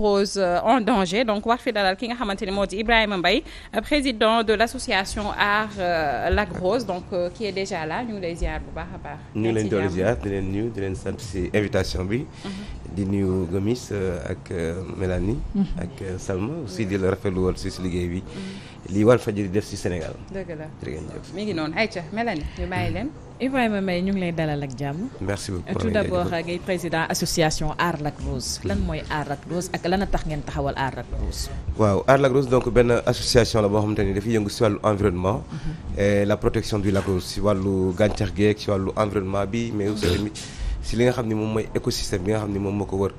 rose euh, en danger donc war fi dalal ki nga xamante ni moo di Ibrahima Mbaye euh, président de l'association Art euh, Lac Rose donc qui est déjà là ñu ngi lay ziar bu baax a baax. ñu ngi leen doon ziar di leen nuyu di leen sant ci invitation bi. Mhm. di nuyu Gomis ak Mélanie. Mhm. ak Salma aussi di la rafetlu woon ci liggéey bi. Mhm. li Walfadjri def si Sénégal. dëgg la dëgg jëf mi ngi noonu ayca Mélanie ñu bàyyi leen. Ibrahima Mbaye ñu ngi lay dalal ak jàmm. merci beaucoup tout d'abord ngay président association Aar Lac Rose. lan mooy Aar Lac Rose ak lan a tax ngeen taxawal Aar Lac Rose. waaw Aar Lac Rose donc benn association la boo xamante ni dafay yëngu si wàllu environnement. Mhm. la protection du lac Rose si wàllu gàncax geek ci wàllu environnement bi mais aussi tamit. si li nga xam ni moom mooy bi nga xam ni moom moo ko wër.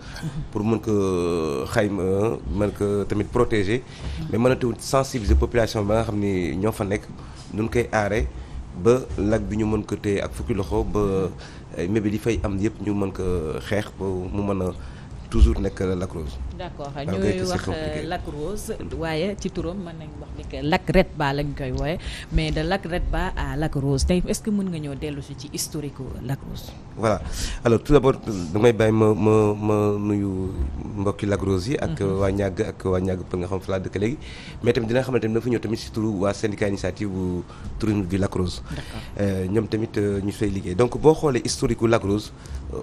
pour mën ko euh, xayma euh, man ko tamit protéger. mais mën a tamit sensibiliser population ba nga xam ni ñoo fa nekk duñ koy aare ba lag bi ñu mën ko téye ak fukki loxo ba mébét yi fay am yëpp ñu mën ko xeex ba mu mën a toujours nekk Lac Rose. d'accord ñuy wax euh, Lac Rose waaye ci turam mën nañ wax ni que Lac Redba lañ koy mais de Lac Redba à tey est-ce que mën nga ñëw dellu si ci historique Lac Rose voilà alors tout d'abord ma ma ma nuyu mbokki Lac Rose yi ak mhm. waa ñàgg ak waa ñàgg pour nga xam fa laa dëkk léegi mais tamit dina nga xamante ne dafa ñëw tamit si turu waa syndicat initiative bu tourisme du Lac Rose euh, ñoom tamit euh, ñu fay liggéey donc boo xoolee historique u Lac Rose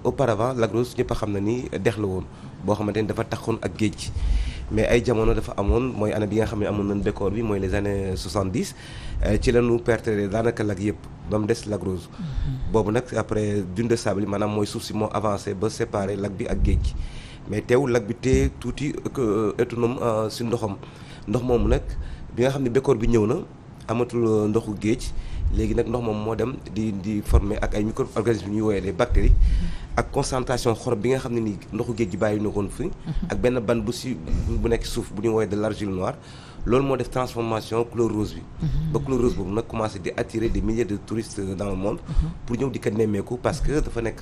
auparavant Lac Rose ñëpp a xam na ni dex la woon boo xamante ni dafa taxoon ak géej gi mais ay jamono dafa amoon mooy année bi nga xam ne amoon nañ décor bi mooy les années 70 euh, ci la ñu perte daanaka lag yëpp ba mu des lag rose mm-hmm. boobu nag après dune de sable maanaam mooy suuf si moo avancé ba séparé lag bi ak géej gi mais teew lag bi te tuuti euh, autonome euh, si ndoxam ndox moomu nag bi nga xam ne décor bi ñëw na amatul ndoxu géej léegi ndox moom moo dem di di former ak ay micro-organismes ñuy woowee les bactéries mm-hmm. ak concentration xorom bi nga xam ne ni ndoxu géej gi bàyyi na koon fi mm-hmm. ak benn ban bu si bu nekk suuf bu ñuy woowee de l'argile noire loolu moo def transformation couleur rose bi mm-hmm. ba couleur rose boobu nag commencé di attirer des milliers de touristes dans le monde pour ñëw di nemmeeku parce que dafa nekk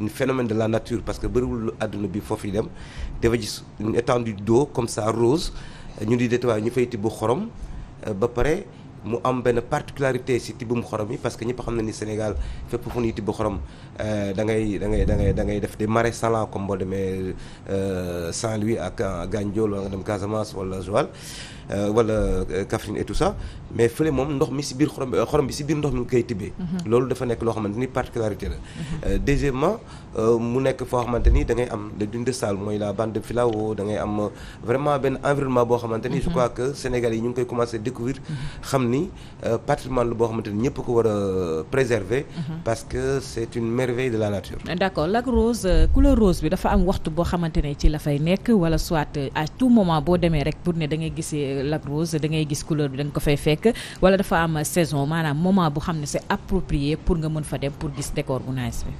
une phénomène de la nature parce que bëriwul àdduna bi foofu yi dem dafa gis une étendue d'eau comme ça rose ñu di détawaay ñu fay tibb xorom ba pare mu am benn particularité si tibbum xorom yi parce que ñëpp xam na ni Sénégal fépp fu ñuy tibb xorom euh, da ngay dangay dangay da ngay def des mare salants comme boo demee euh, Saint-Louis ak Gandiol wala nga dem Casamance wala Joal. Euh, wala Kaffrine euh, et tout ça mais fële moom ndox mi si biir xorom euh, xorom bi si biir ndox mi koy tibbee. Mhm. loolu dafa nekk loo xamante ni particularité la. Mhm. deuxièmement mu nekk foo xamante ni da ngay am le dune de sal mooy la bande de filao am vraiment benn environnement boo xamante ni. Mhm. ko war a préserver. parce que c'est une merveille de la nature. d'accord Lac Rose couleur rose bi dafa am waxtu boo xamante ci la fay nekk wala soit à tout moment boo demee Lac Rose da ngay gis couleur bi da nga ko fay fekk wala dafa am saison maanaam moment bu xam ne si approprié pour nga mën fa dem pour gis décor bu nice bi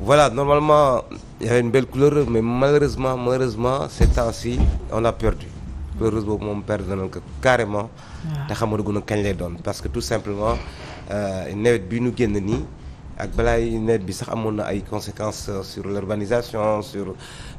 voilà normalement y avait une belle mais malheureusement malheureusement ces temps-ci on a perdu couleureuses boobu moom perdre nañ ko carrément te xamaduguna kañ lay doon parce que tout simplement euh, nawet bi ñu génn nii ak balaay net bi sax amoon na ay conséquences sur l'urbanisation sur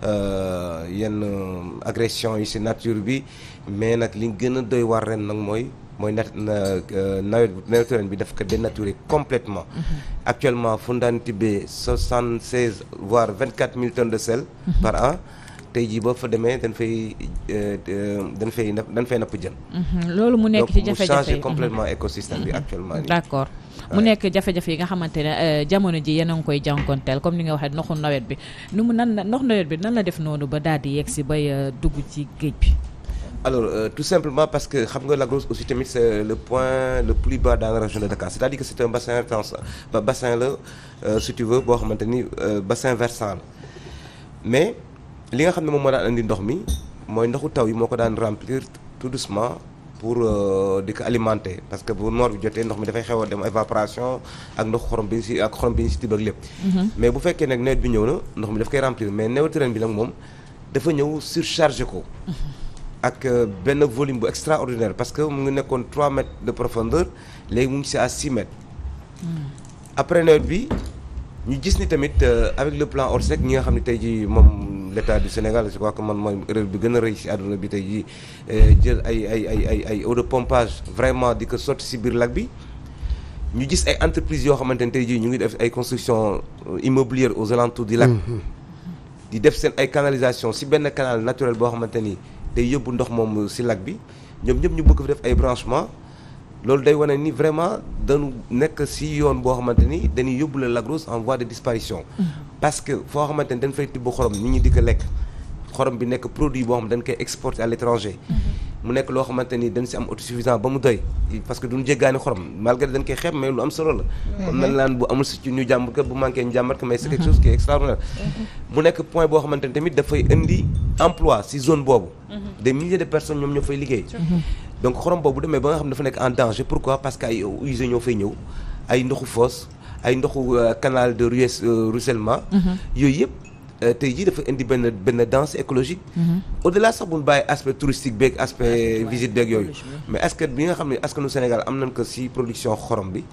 euh, yenn euh, agression yu si nature bi mais nag li gën a doy war ren nag mooy mooy na euh, nawet nawetu ren bi daf ko dénaturer complètement mm-hmm. actuellement fu ñu daan tibbee soixante seize voire vingt quatre mille tonnes de selle mm-hmm. par an tey jii boo fa demee dañ fay euh, dañ fay napp dañ fay napp jën. Mhm. loolu mu nekk ci jafe-jafe yi donc mu changer mhm. complètement écosystème bi mhm. actuellement yi nga xamante ne euh, jamono ji yéen a ngi koy jànkonteel comme ni nga waxee ndoxu nawet bi nu mu nan ndox bi nan la def noonu ba daal di yegg si bay euh, dugg ci géej bi. alors euh, tout simplement parce que xam nga Lagos aussi tamit c'est le point le plus bas dans la région de Dakar c'est-à-dire que c'est bassin trans bassin la euh, si boo xamante ni bassin versant la li nga xam ne moom moo daan andi ndox mi mooy ndoxu taw yi moo ko daan remplir tout doucement pour euh, di ko alimenter parce que bu noor bi jotee ndox mi dafay xew a ak ndoxu xorom bi ñu si tibb ak lépp. Mhm. mais bu fekkee nag nawet bi ñëw na ndox mi daf koy remplir mais nawetu ren bi nag moom dafa ñëw surchargé ko. Mhm. ak euh, benn volume bu extraordinaire parce que mu ngi nekkoon 3 mètres de profondeur léegi mu ngi si à mhm. après nawet bi ñu gis ni tamit euh, avec l' état du Sénégal je crois que man mooy erreur bi gën a rëy si àdduna bi tey jii euh, jël ay ay ay ay ay eau de pompage vraiment di ko sort si biir lag bi ñu gis ay entreprises yoo xamante ne tey jii ñu ngi def ay construction euh, immobilière aux alentours du lac. Mm-hmm. di def seen ay canalisation si benn canal naturel boo xamante ni te yóbbu ndox moom si lac bi ñëpp ñëpp ñu bëgg fi def ay branchement loolu day wane ni vraiment dañu nekk si yoon boo xamante ni dañuy yóbbu la Lac en voie de disparition. Mm-hmm. parce que foo xamante ne dañ fay tibb xorom nit ñi di lekk xorom bi nekk produit boo xam dañ koy exporter à l'étranger mm-hmm. mu nekk loo xamante ni koy xeeb mais lu am solo la comme mm-hmm. nañ bu amul si ci ñu jàmbat ko bu manqué ñu jàmbat ko mais c'est chose qui est extraordinaire mm-hmm. mu nekk point boo xamante tamit dafay indi emploi si zone boobu des milliers de personnes ñoom ñoo fay liggéey donc xorom boobu demee ba nga xam ne dafa nekk en danger pourquoi ay ndoxu euh, canal de euh, ruissellement mhm. yooyu yëpp euh, te jii dafa indi benn benn danse écologique mhm. au-delà sax bu ñu bàyyi aspect touristique beeg aspect visite beeg yooyu mais askan bi nga xam ne askanu Sénégal am nañ ko si production xorom bi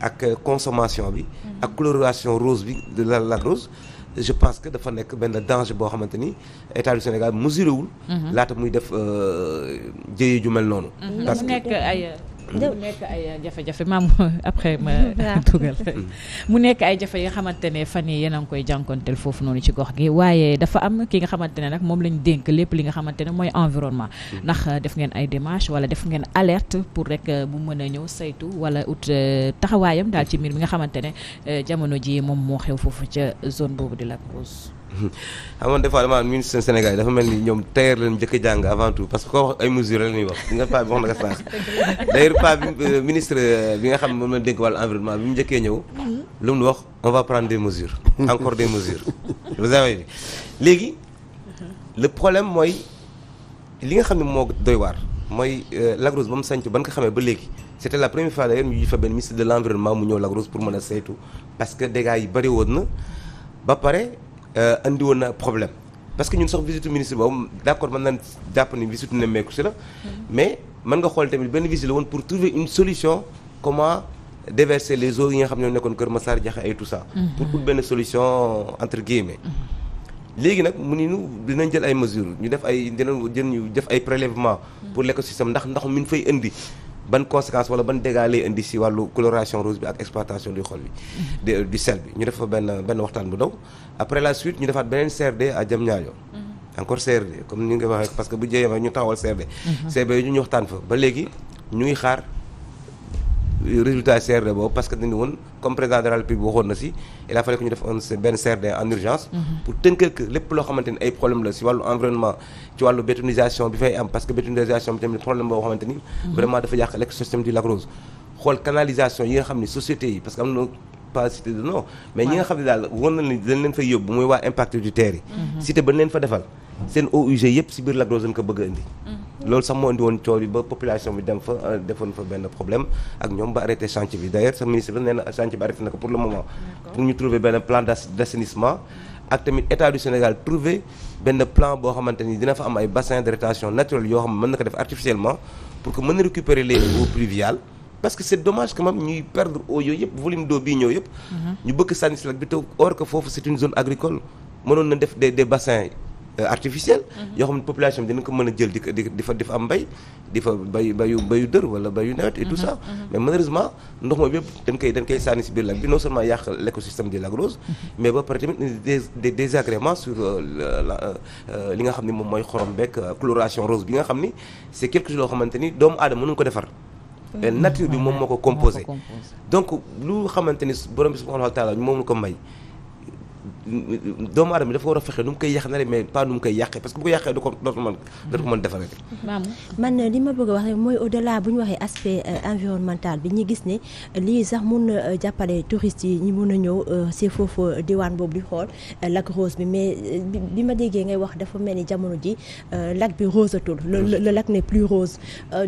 ak consommation bi mhm. ak coloration rose bi de la la rose je pense que dafa nekk benn danger boo xamante ni état du Sénégal mesuré wul laata muy def jëye ju mel noonu parce que mu nekk ay jafe-jafe maam après ma dugal mu nekk ay jafe yi nga xamante ne fan yi yéen a ngi koy jànkonteel foofu noonu ci gox gi waaye dafa am ki nga xamante ne nag moom lañ dénk lépp li nga xamante ne mooy environnement hmm. ndax euh, def ngeen ay démarche wala def ngeen alerte pour rek bu euh, mën ñëw saytu wala ut euh, taxawaayam daal ci mbir mi nga xamante ne jamono ji moom moo xew foofu ca zone boobu di la Croix xam nga des fois damaa ministre Sénégal dafa mel ni ñoom tailleur leen njëkk a jàng avant tout parce que koo wax ay mesures la ñuy wax di nga paa bi wax na ko sànq d'ailleurs paa bi euh, ministre euh, bi nga xam moom la dénk wàllu environnement bi mu njëkkee ñëw mhm. lu mu wax on va prendre des mesures encore des mesures léegi mhm. le problème mooy li nga xam ne moo doy waar mooy euh, Lac Rose ba mu sanc ban ko xamee ba léegi c'était la première fois d'ailleurs ñu fa benn ministre de l'environnement mu ñëw Lac Rose pour mën a saytu parce que dégâts yi bari woon na Euh, andi woon na problème parce que ñun sax visite ministre boobu d' accord mën naan jàpp ni visite nemmeeku si la mm-hmm. mais mën nga xool tamit benn visite la woon pour trouver une solution comment déverser les eaux yi nga xam ne ñoo nekkoon Kër Massar jaxe a tout ça mm-hmm. pour ut benn solution entre guillemets mm-hmm. léegi nag mu ni ñu dinañ jël ay mesures ñu def ay dinañ jël ñu def prélèvement pour l'écosystème ndax ndox mi ñu fay indi ban conséquence wala ban dégâts lay indi si wàllu coloration rose bi ak exploitation du xol bi du sel bi ñu def fa benn benn waxtaan bu ndaw après la suite ñu defaat beneen CRD à Diamniadio mhm. encore CRD comme ni nga waxee parce que bu jeexee ñu taxawal CRD mhm. CRD ñu ñu waxtaan fa ba léegi ñu xaar résultat CRD boobu parce que dañu woon comme président de la République waxoon na si il a fallu que ñu def un benn CRD en urgence. Mm-hmm. pour tënkee que lépp loo xamante ni ay problème la si wàllu environnement ci wàllu bétonisation bi fay am parce que bétonisation bi tamit problème boo xamante ni. Mm-hmm. vraiment dafa yàq l'écosystème du Lac Rose. xool canalisation yi nga xam ne sociétés yi parce que am na pas cité de non mais ñi nga xam ne daal woon na ni dañ leen loolu sax moo indi woon coow ba population bi dem fa euh, defoon fa benn problème ak ñoom ba arrêté chantier bi d'ailleurs sa ministre la nee na bi arrêté na pour le moment pour ñu trouver benn plan d'assainissement ak tamit état du Sénégal trouver benn plan boo xamante ni dina fa am ay bassin de rétention naturel yoo xam ne na ko def artificiellement pour que mën a récupérer les eaux pluviales parce que c'est dommage quand ñuy perdre eau yooyu yëpp Euh, artificielle mhm. yoo xam ne population bi ko mën a jël di di fa di bay bayu bayu dër wala bayu nawet et tout mhm. ça mhm. mais malheureusement ndox moom yëpp koy dañ koy sànni si biir lac bi non seulement yàq l' écosystème de Lac Rose mais ba pare tamit des désagréments sur euh, euh, li nga xam ne moom mooy xorom beek coloration rose bi nga xam ni c' est quelque chose loo xamante ni doomu aadama mënuñu ko defar nature bi moom moo ko composé donc lu xamante ni borom bi subhanahu wa taala moom la ko may doomu aadama dafa war a fexe nu mu koy yàq na rek mais pas nu mu koy yàqee parce que bu ko yàqee du ko dootu mën dootu man li ma bëgg a wax rek mooy au delà bu ñu waxee aspect euh, environnemental bi ñu gis ne euh, lii sax mun na euh, jàppale touristes yi ñu mun a ñëw si foofu diwaan boobu di xool lakk rose bi mais bi ma déggee ngay wax dafa mel ni jamono ji lac bi rosatul. le lakk ne plus rose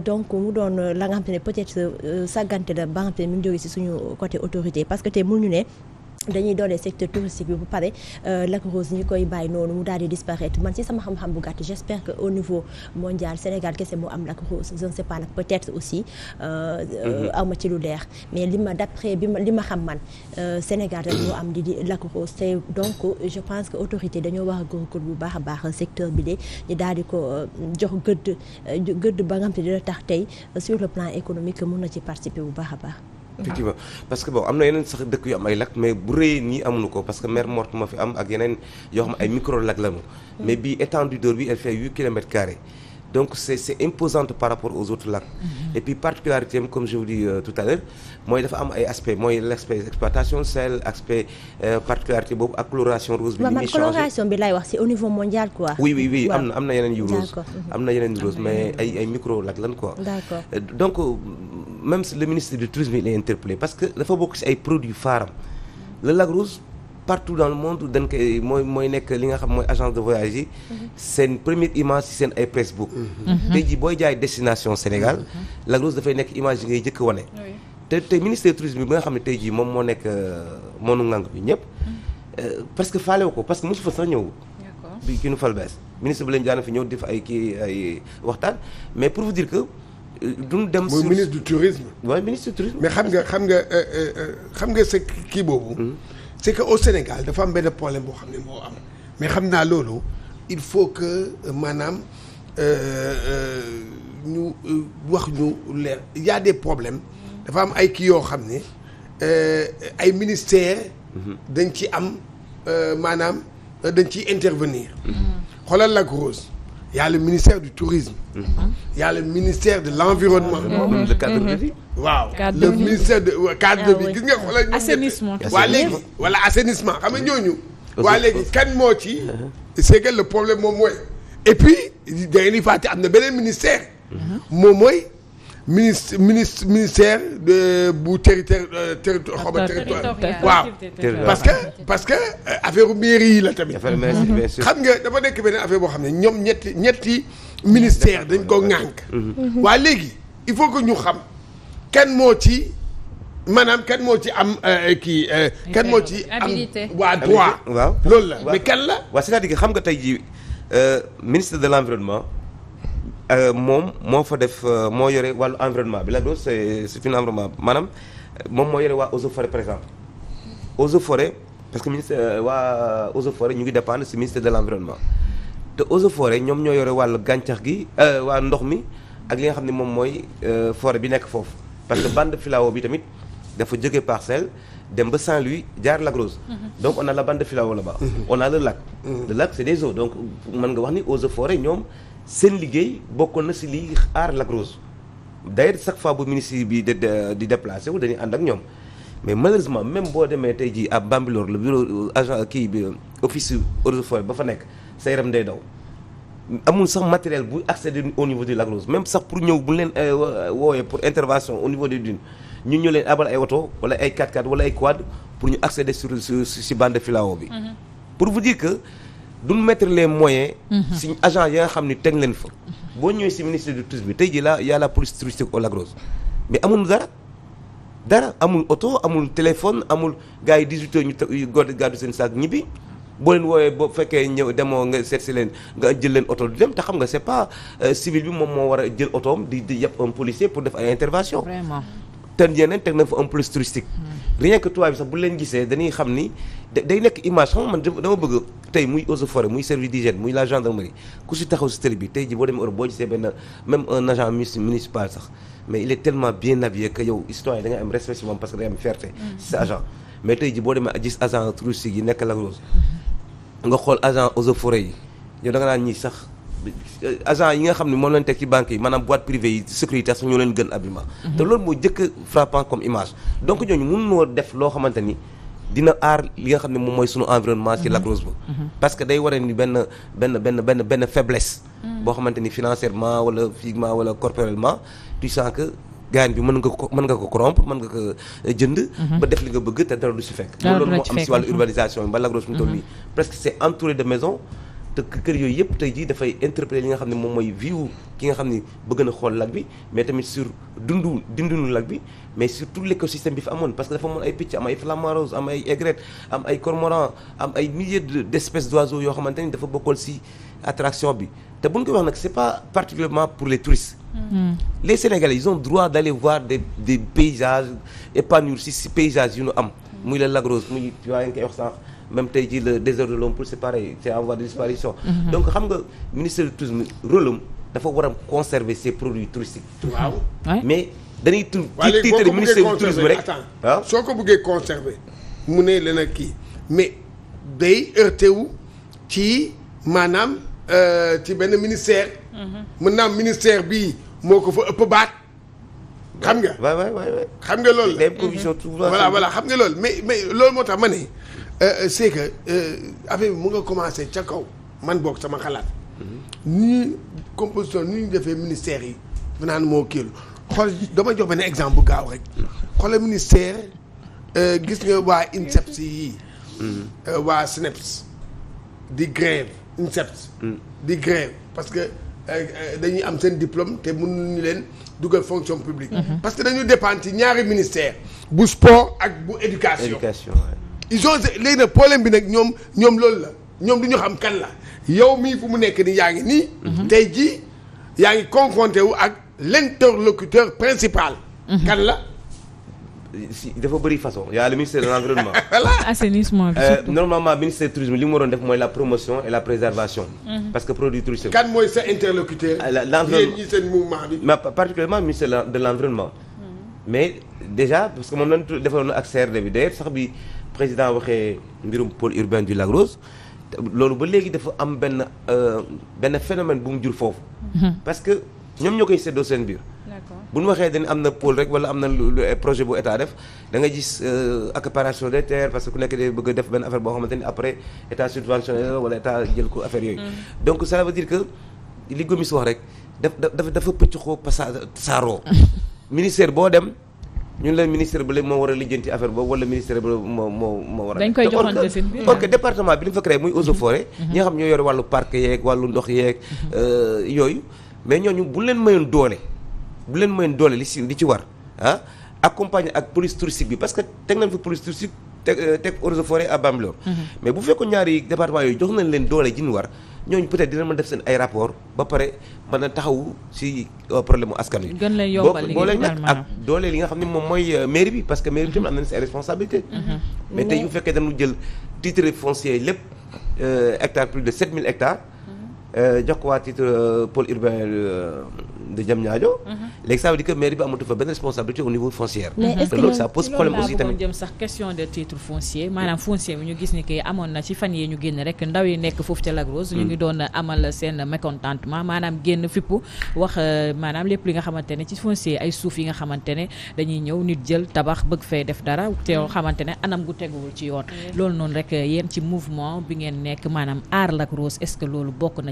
donc mu doon la nga xam te ne peut-être sàggante la ba nga xam mu ngi jógee si suñu côté autorité parce que tey mënuñu ne. dañuy doole secteur touristique bi bu pare euh, Lac Rose ñu koy bàyyi noonu mu daal di disparaître man ci sama xam-xam bu gàtt j'espère que au niveau mondial Sénégal kese moo am Lac Rose je ne sais pas nag peut-être aussi. Euh, mhm. euh, ci lu leer mais li ma d'après bi ma li ma xam man Sénégal rek moo am di di Lac Rose te donc je pense que autorité dañoo war a bu baax a baax secteur bi de ñu daal di ko jox gëdd gëdd ba nga xam te dina tax tey sur le plan économique mun na ci participer bu baax a baax. effectivement parce que bon am na yeneen sax dëkk yu am ay lac mais bu rëyee nii amuñu ko parce que mer morte moo fi am ak yeneen yoo xam ay micro lac lañu mm. mais bii étendue d'eau bi elle fait huit kilomètres carrés donc c'est c'est imposante par rapport aux autres lacs mm et puis particularité am comme je vous dis euh, tout à l'heure mooy dafa am ay aspect mooy l'aspect exploitation sel aspect euh, particularité boobu ak coloration rose bi man coloration laay wax c'est au niveau mondial quoi oui oui oui am na am na yeneen yu rose mhm. am na yeneen yu rose mais ay micro lac lan quoi d'accord euh, donc euh, même le ministre du tourisme il est parce que dafa bokk si ay produits phares le lac rose partout dans le monde dañ mooy mooy nekk li nga xam mooy agence de voyage yi seen première image ci seen ay Facebook mhm. tey jii booy jaay destination Sénégal mhm. Lac Rose dafay nekk image yi ngay jëkk wane te te ministère tourisme bi nga xam ne tey jii moom moo nekk euh, moonu ngang bi ñëpp mhm. euh, parce que faalewu ko parce que mosu fa sax ñëw bi ki nu fal bees ministre bi lañu fi ñëw def ay kii ay waxtaan mais pour vous dire que euh, duñ dem sur ministre du tourisme waaw ministre du tourisme mais xam nga xam nga xam nga sa kii boobu c'est que au Sénégal dafa am benn problème boo xam ne moo am mais xam naa loolu il faut que euh, maanaam euh, euh, ñu wax ñu leer il y des problèmes dafa am ay kii yoo xam ne ay ministères. dañ ci am maanaam dañ ciy intervenir. Mm-hmm. xoolal la Rose. il y a le ministère du tourisme. Mm le ministère de l'environnement. le cadre de waaw le ministère de cadre de mhm. vie gis nga. assainissement waa léegi wala assainissement xam nga ñooñu. waa léegi kan moo ci. Uh-huh. c'est que le problème moom mooy. et puis da ngeen di am na beneen ministère. Uh-huh. moom mooy. ministre ministre ministère bu territoire euh, territoire xaw ma territoire waaw parce que parce que euh, affaire mairie yi la tamit xam nga dafa nekk beneen affaire boo xam ne ñoom ñetti ñetti ministère dañ koo ŋànk mhm. waa léegi il faut que ñu xam kenn moo ci maanaam kenn moo ci am euh, kii kan moo ci am waa droit waaw loolu la mais kan la waaw c'est-à-dire que xam nga tey jii ministre de l'environnement Euh, moom moo fa def euh, moo yore wàllu environnement bi la doo c'est c'est une environnement maanaam euh, moom moo yore waa eaux et forêt par exemple eaux et parce que ministère waa eaux et ñu ngi dépendre si ministère de l'environnement te eaux et forêt ñoom ñoo yore wàllu gàncax gi waa ndox mi ak li nga xam ne moom mooy forêt bi nekk foofu parce que band filao bi tamit dafa jóge parcelle dem ba Saint-Louis jaar Lac Rose mhm. donc on a la bande filao là-bas mhm. on a le lac mhm. le lac c'est des eaux donc mën nga wax ni eaux et ñoom seen liggéey bokkoon na si lii aar Lac Rose d'ailleurs chaque fois bu ministre bi di di déplacé wu dañuy ànd ak ñoom mais malheureusement même boo demee tey jii ab Bambilor le bureau euh, agent kii bi office eaux et forêts ba fa nekk sa yaram day daw amul sax matériel bu accéder au niveau du Lac Rose même sax pour ñëw bu leen euh, woowee pour intervention au niveau des dunes ñu ñu leen abal ay oto wala ay 4x4 wala ay quad pour ñu accéder sur si bande filao bi mm-hmm. duñ mettre les moyens. Mhm. suñ agent ya nga xam ni teg leen fa. boo ñëwee si ministère du tourisme bi tey jii la y a la police touristique au Lac Rose mais amul dara dara amul oto amul téléphone amul gars yi 18 heures ñu teg góor gàddu seen saag ñibbi. boo leen woowee boo fekkee ñëw demoo nga seet si leen nga jël leen oto du dem te xam nga c'est pas euh, civil bi moom moo war a jël otoom di di yàpp un policier pour def ay intervention vraiment te yeneen teg nañ fa un police touristique. Mhm. day nekk image xam nga man dama bëgg tey muy eaux et forêt muy service d'hygiène muy la gendarmerie ku si taxaw si télé bi tey ji boo demee Europe boo gisee benn même un agent municipal sax mais il est bien habillé que yow citoyen da nga am respect parce que da am fierté mm-hmm. si agent mais tey ji boo demee gis agent touristique yi nekk la rose mm-hmm. nga xool agent eaux et forêt yi yow da nga ñii sax agent yi nga xam ne moom lañ teg ci banque yi maanaam boîte privée leen gën habillement mm-hmm. te loolu moo jëkk frappant comme image donc ñooñu mënunoo def loo xamante ni dina aar li nga xam ne moom mooy sunu environnement ci mhm. Lac Rose ba mhm. parce que day waree ni benn benn benn benn faiblesse mhm. boo xamante ni financièrement wala physiquement wala corporellement tu sens que gaañ bi mën nga ko mën nga ko corrompre mën nga ko euh, jënd ba def li nga bëgg te dara du si fekk loolu moo am si wàllu urbanisation ba Lac Rose mu toll nii presque c'est entouré de maisons te kër yooyu yëpp tey jii dafay interpellé li nga xam ne moom mooy viwu ki nga xam ne bëgg na xool lac bi mais tamit sur dundu dindunu lac bi mais sur tout l'écosystème bi fi amoon parce que dafa amoon ay picc am ay flamant rose am ay aigrette am ay cormoran am ay milliers d'espèces d'oiseaux yoo xamante ni dafa bokkoon ci attraction bi te buñ koy wax nag c'est pas particulièrement pour les touristes Mmh. Les droit d'aller voir des des paysages même tey jii le désert de l'homme pour c'est pareil c'est en voie de disparition mhm. donc xam nga ministère du tourisme rôle am dafa war a conserver ses produits touristiques waaw mais dañuy tu ci ministère rek ah. soo ko bëggee conserver mu ne leen kii mais day heurté wu ci maanaam euh, ci benn ministère mhm. mën naam ministère bii moo ko fa ëpp baat xam nga. waay waay waay xam nga lool la. voilà voilà xam nga loolu mais mais loolu moo tax ma ne. Euh, euh, c' est que euh, affaire bi mu nga commencé ca kaw man book sama xalaat. ni composition ni ñu defee ministère yi fi naan moo kiilu xool dama jox ne exemple bu gaaw rek xoola ministère gis nga waa INSEPS yii waa SNEPS di grève INSEPS mm. di grève parce que dañuy am seen diplôme te mënuñu leen dugal fonction publique mm-hmm. parce que dañu dépendre ci ñaari ministère bu sport ak bu éducation ils ont léegi nag problème bi nag ñoom ñoom loolu la ñoom du ñu xam kan la yow mii fu mu nekk nii yaa ngi nii. Mhm. tey jii yaa ngi confronté wu ak l'interlocuteur principal. Mhm. kan la. si dafa bëri façon y a le ministère de l'environnement. voilà assainissement bi euh, surtout. normalement ministère du tourisme li mu waroon def mooy la promotion et la préservation. Mhm. parce que produit touristique. kan mooy sa interlocuteur. Ah, l'environnement yéen mais particulièrement ministère de l'environnement. mais déjà parce ak CRD bi sax bi. président waxee mbirum pôle urbain du Lac loolu ba léegi dafa am benn euh, benn phénomène bu mu jur foofu. Mhm. parce que ñoom ñoo koy séddoo seen biir. bu ñu waxee dañu am na pôle rek wala am na lu projet bu état def da nga gis euh, accaparation des terres parce que ku nekk day bëgg def benn affaire boo xamante ni après état subventionné la wala état jël ko affaire yooyu. Mhm. donc ça veut dire que li Gomis wax rek daf dafa dafa pëcc xoo passage saaroo ministère boo dem. ñun leen ministère bi la moo war a lijjanti affaire boobu wala ministère bi moo moo war a dañ koy joxante si or que département bi li mu fa créé muy eaux et mm-hmm. mm-hmm. euh, bu leen mayoon doole bu leen mayoon doole li si li ci war ah accompagner ak police touristique bi parce que teg nañ fa police touristique teg euh, teg eaux et forêt mm-hmm. mais bu fekkoon ñaari département yooyu jox nañ leen doole ji war ñooñu peut-être dina mën def seen ay rapport ba pare mën a taxawu si euh, problème mu askan wi. gën lay yombal liggéey nag ak dooleel li nga xam ne moom mooy euh, mairie bi parce que mairie bi tamit am nañu seen responsabilité. Mm-hmm. mais tey bu fekkee dañu jël titre foncier lépp euh, hectare plus de 7000 hectares. Euh, jox ko waa titre euh, pôle urbain euh, de Diamniadio. Mhm. léegi ça veut dire que mairie bi amatu fa benn responsabilité au niveau foncière. mais est-ce loolu ça pose jëm sax question de titre foncier maanaam foncier bi ñu gis ni que amoon na ci fan yii ñu génn rek ndaw yi nekk foofu ca Lac ñu mm. ngi doon amal seen mécontentement maanaam génn fippu wax maanaam lépp li nga xamante ne ci foncier ay suuf yi nga xamante ne dañuy ñëw nit jël tabax bëgg fee def dara te yoo mm. xamante ne anam gu teguwul ci yoon. Mm. loolu noonu rek yéen ci mouvement bi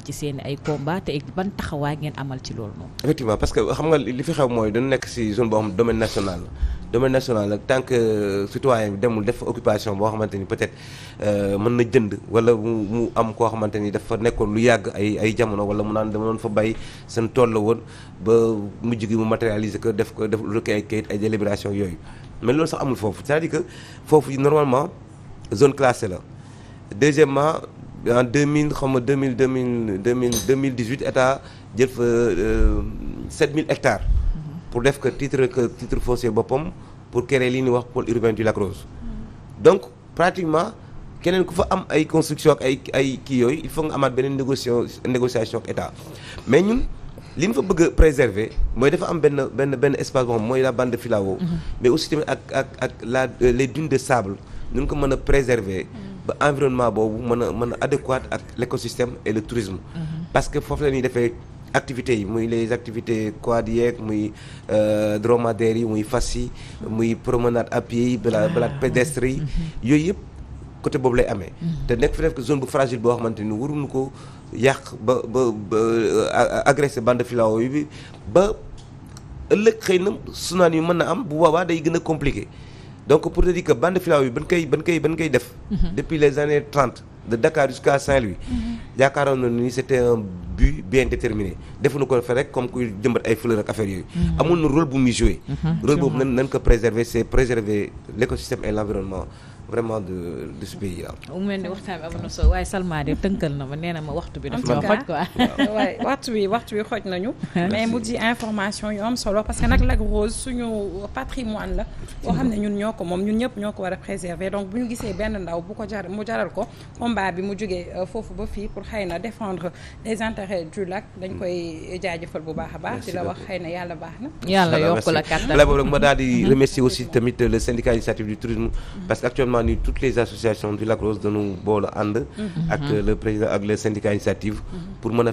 ci seen ay combat te ban taxawaay ngeen amal ci loolu moom. effectivement parce que xam nga li fi xew mooy dañu nekk si zone boo xam domaine national domaine national nag tan que euh, citoyen bi demul def occupation boo xamante ni peut-être euh, mën na jënd wala mu mu am koo xamante ni dafa nekkoon lu yàgg ay ay jamono wala mu naan dama doon fa bay seen tool la woon ba mujj gi mu matérialiser ko def ko def lu ay kayit ay délibération yooyu mais loolu amul foofu c'est-à-dire que zone classée la en deux mille xaw ma deux mille deux mille deux mille deux mille dix huit état jël euh, mille hectares. Mm-hmm. pour def ko titre que titre foncier boppam pour kere li ñuy wax pour urbain du Lac Rose. Mm-hmm. donc pratiquement keneen ku fa am ay construction ak ay ay kii yooyu il faut nga amaat beneen négociation négociation ak état mais ñun li ñu fa bëgg a préserver mooy dafa am benn benn benn espace boo xam mooy la band de mm-hmm. mais aussi tamit ak ak la les dunes de sables ñu ko mën a préserver. ba environnement boobu mën a mën a adéquate ak l' écosystème et le tourisme. Mhm. parce que foofu la ñuy defee activités yi muy les activités quad yeeg muy euh, dromadaires yi muy fas yi muy promenade à pied yi balade ah, balade pédestre yi mhm. yooyu yëpp côté boobu lay amee mhm. te nekk fi nekk zone bu fragile boo xamante ni waruñu ko yàq ba ba euh, agressé bande filao ba ëllëg xëy na sunaan yu mën na am bu boobaa day gën a compliqué donc pour te dire que bande filao bi ban koy ban koy ban koy def. Mhm. depuis les années trente de Dakar jusqu'à Saint-Louis. Mhm. yaakaaroon na ni c'était un but bien déterminé defuñu ko fa rek comme kuy jëmbat ay fleurs ak affaire yooyu. Mhm. amoon na rôle bu muy joué. rôle boobu nan nan ko préserver c'est préserver l'écosystème et l'environnement. vraiment de de bi am na solo waaye Salma tënkal na ma nee na ma waxtu bi. dafa ma xoj quoi waaye waxtu bi waxtu bi xoj nañu. mais mu di information yu am solo parce que nag Lac Rose suñu patrimoine la. boo xam ne ñun ñoo ko moom ñun ñëpp ñoo ko war a préserver donc bu ñu gisee benn ndaw bu ko jar mu jaral ko combat bi mu jógee euh, foofu ba fii pour xëy na défendre les intérêts du lac dañ mm. koy jaajëfal bu baax a baax. di la wax xëy na yàlla baax na. yàlla yokk la kàttan balaa demande toutes les associations du Lac Rose dañu boolu ànd mm-hmm. ak le président ak le syndicat mm-hmm. pour mën a